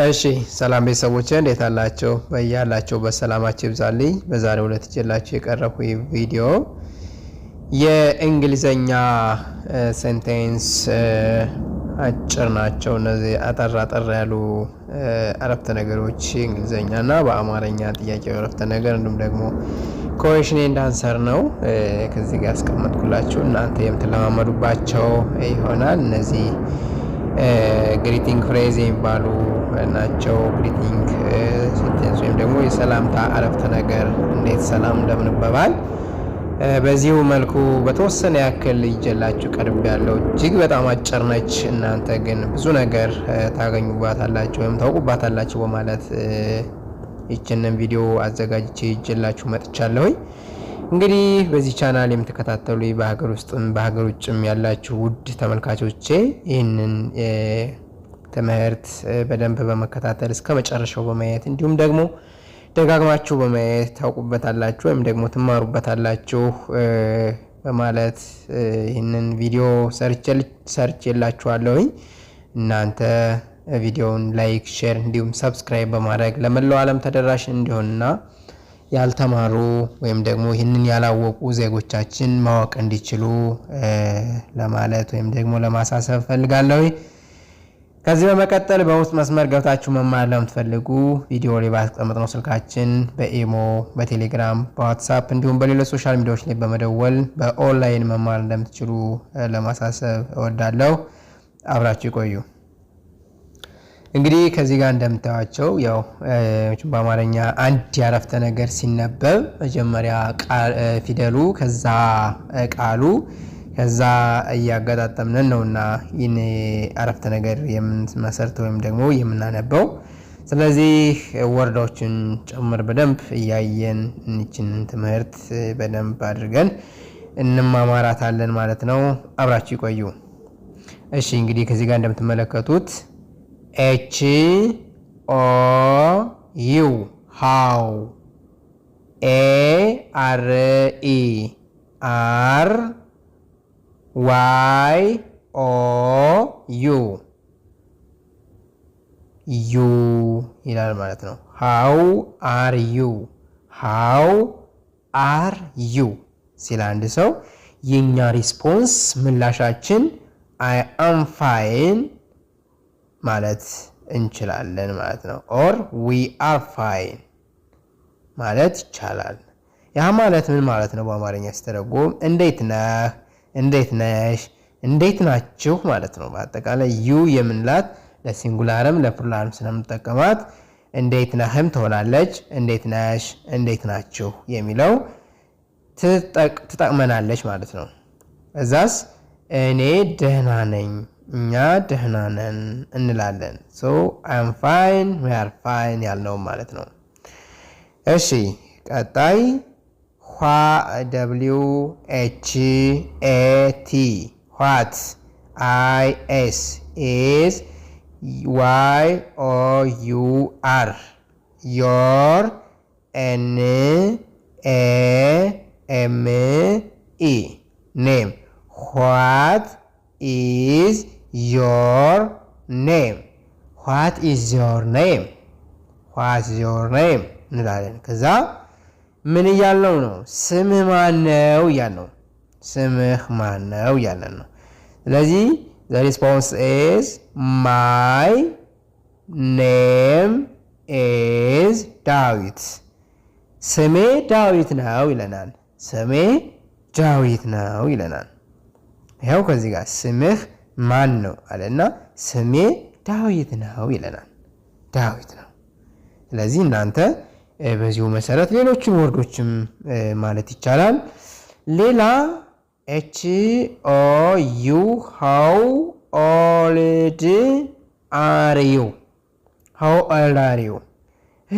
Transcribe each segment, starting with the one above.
እሺ ሰላም ቤተሰቦች እንዴት አላቸው? በያላቸው በሰላማቸው ይብዛልኝ። በዛሬው ዕለት ይዤላችሁ የቀረብኩ ቪዲዮ የእንግሊዘኛ ሴንቴንስ አጭር ናቸው። እነዚህ አጠር አጠር ያሉ አረፍተ ነገሮች እንግሊዘኛ እና በአማርኛ ጥያቄው አረፍተ ነገር እንዲሁም ደግሞ ኮሽኔ እንዳንሰር ነው ከዚህ ጋር ያስቀመጥኩላችሁ እናንተ የምትለማመዱባቸው ይሆናል። እነዚህ ግሪቲንግ ፍሬዝ የሚባሉ ናቸው። ግሪቲንግ ሴንቴንስ ወይም ደግሞ የሰላምታ አረፍተ ነገር እንዴት ሰላም እንደምንበባል በዚሁ መልኩ በተወሰነ ያክል ይጀላችሁ ቀርብ ያለው እጅግ በጣም አጭር ነች። እናንተ ግን ብዙ ነገር ታገኙባታላችሁ ወይም ታውቁባታላችሁ በማለት ይችንን ቪዲዮ አዘጋጅቼ ይጀላችሁ መጥቻለሁኝ። እንግዲህ በዚህ ቻናል የምትከታተሉ በሀገር ውስጥም በሀገር ውጭም ያላችሁ ውድ ተመልካቾቼ ይህንን ትምህርት በደንብ በመከታተል እስከ መጨረሻው በማየት እንዲሁም ደግሞ ደጋግማችሁ በማየት ታውቁበታላችሁ ወይም ደግሞ ትማሩበታላችሁ በማለት ይህንን ቪዲዮ ሰርቼላችኋለሁኝ። እናንተ ቪዲዮውን ላይክ፣ ሼር እንዲሁም ሰብስክራይብ በማድረግ ለመላው ዓለም ተደራሽ እንዲሆንና ያልተማሩ ወይም ደግሞ ይህንን ያላወቁ ዜጎቻችን ማወቅ እንዲችሉ ለማለት ወይም ደግሞ ለማሳሰብ እፈልጋለሁ። ከዚህ በመቀጠል በውስጥ መስመር ገብታችሁ መማር ለምትፈልጉ ቪዲዮ ላይ ባስቀመጥነው ስልካችን በኢሞ፣ በቴሌግራም፣ በዋትሳፕ እንዲሁም በሌሎች ሶሻል ሚዲያዎች ላይ በመደወል በኦንላይን መማር እንደምትችሉ ለማሳሰብ እወዳለሁ። አብራችሁ ይቆዩ። እንግዲህ ከዚህ ጋር እንደምታዩቸው ያው በአማርኛ አንድ ያረፍተ ነገር ሲነበብ መጀመሪያ ፊደሉ ከዛ ቃሉ ከዛ እያገጣጠምነን ነውና ይህን አረፍተ ነገር የምንመሰርት ወይም ደግሞ የምናነበው። ስለዚህ ወረዳዎችን ጭምር በደንብ እያየን እንችንን ትምህርት በደንብ አድርገን እንማማራታለን ማለት ነው። አብራችሁ ይቆዩ። እሺ እንግዲህ ከዚህ ጋር እንደምትመለከቱት ኤች ኦ ዩ ሃው ኤ አር ኢ አር ዋይ ኦ ዩ ዩ ይላል ማለት ነው። ሃው አር ዩ ሃው አር ዩ ሲል አንድ ሰው የእኛ ሪስፖንስ ምላሻችን አይ አም ፋይን ማለት እንችላለን ማለት ነው። ኦር ዊ አር ፋይን ማለት ይቻላል። ያ ማለት ምን ማለት ነው? በአማርኛ ሲተረጎም እንዴት ነህ እንዴት ነሽ፣ እንዴት ናችሁ ማለት ነው። በአጠቃላይ ዩ የምንላት ለሲንጉላርም ለፕሉራልም ስለምጠቀማት እንዴት ነህም ትሆናለች። እንዴት ነሽ፣ እንዴት ናችሁ የሚለው ትጠቅመናለች ማለት ነው። እዛስ እኔ ደህና ነኝ፣ እኛ ደህና ነን እንላለን። ሶ አም ፋይን ዊ አር ፋይን ያልነውም ማለት ነው። እሺ ቀጣይ What? W H A T. What? I S is Y O U R. Your N A M E. Name. What is your name? What is your name? What's your name? እንላለን ከዛ ምን እያልነው ነው? ስምህ ማነው እያልን ነው። ስምህ ማነው እያልን ነው። ስለዚህ ዘ ሪስፖንስ ኢዝ ማይ ኔም ኢዝ ዳዊት። ስሜ ዳዊት ነው ይለናል። ስሜ ዳዊት ነው ይለናል። ይኸው ከዚህ ጋር ስምህ ማን ነው አለና ስሜ ዳዊት ነው ይለናል። ዳዊት ነው። ስለዚህ እናንተ በዚሁ መሰረት ሌሎችም ወርዶችም ማለት ይቻላል። ሌላ ኤች ኦ ዩ ሃው ኦልድ አርዩ ሃው ኦልድ አርዩ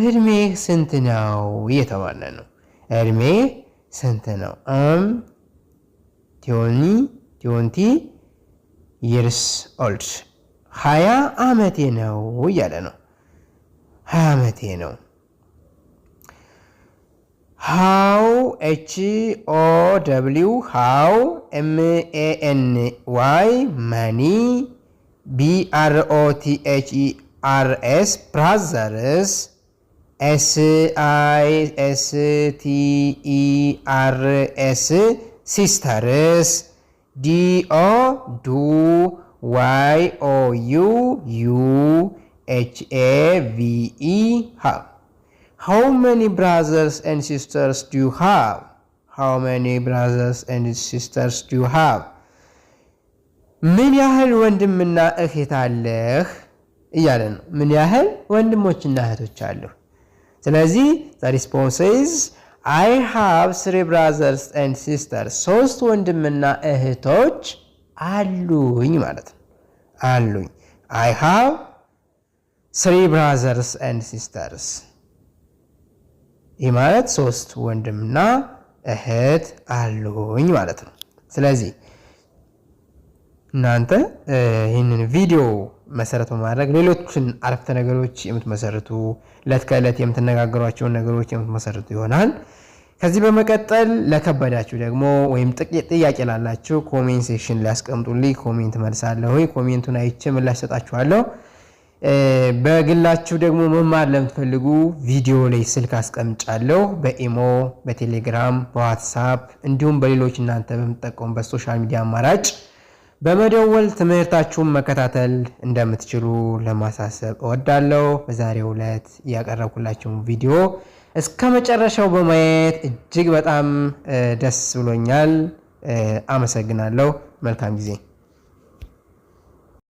እድሜ ስንት ነው እየተባለ ነው። እድሜ ስንት ነው? አም ቲዮኒ ቲዮንቲ ይርስ ኦልድ ሀያ አመቴ ነው እያለ ነው። ሀያ አመቴ ነው how h o w how m a n y money b r o t h e r s brothers s i s t e r s sisters d o do y o u u h a v e how many many brothers brothers sisters sisters do do youuhave how How many brothers and sisters do you have? How many brothers and sisters do you have? ምን ያህል ወንድምና እህት አለህ እያለ ነው። ምን ያህል ወንድሞችና እህቶች አለሁ። ስለዚህ ሪስፖንስ ኢዝ አይ ሃቭ ስሪ ብራዘርስ ኤንድ ሲስተርስ፣ ሶስት ወንድምና እህቶች አሉኝ ማለት ነው። አሉኝ አይ ሃቭ ስሪ ብራዘርስ ኤንድ ሲስተርስ ይህ ማለት ሶስት ወንድምና እህት አሉኝ ማለት ነው። ስለዚህ እናንተ ይህንን ቪዲዮ መሰረት በማድረግ ሌሎችን አረፍተ ነገሮች የምትመሰርቱ ዕለት ከዕለት የምትነጋገሯቸውን ነገሮች የምትመሰርቱ ይሆናል። ከዚህ በመቀጠል ለከበዳችሁ ደግሞ ወይም ጥያቄ ላላችሁ ኮሜንት ሴክሽን ሊያስቀምጡልኝ ኮሜንት መልሳለሁ። ኮሜንቱን አይቼ ምላሽ ሰጣችኋለሁ። በግላችሁ ደግሞ መማር ለምትፈልጉ ቪዲዮ ላይ ስልክ አስቀምጫለሁ። በኢሞ፣ በቴሌግራም፣ በዋትሳፕ እንዲሁም በሌሎች እናንተ በምትጠቀሙበት ሶሻል ሚዲያ አማራጭ በመደወል ትምህርታችሁን መከታተል እንደምትችሉ ለማሳሰብ እወዳለሁ። በዛሬው ዕለት ያቀረብኩላችሁን ቪዲዮ እስከ መጨረሻው በማየት እጅግ በጣም ደስ ብሎኛል። አመሰግናለሁ። መልካም ጊዜ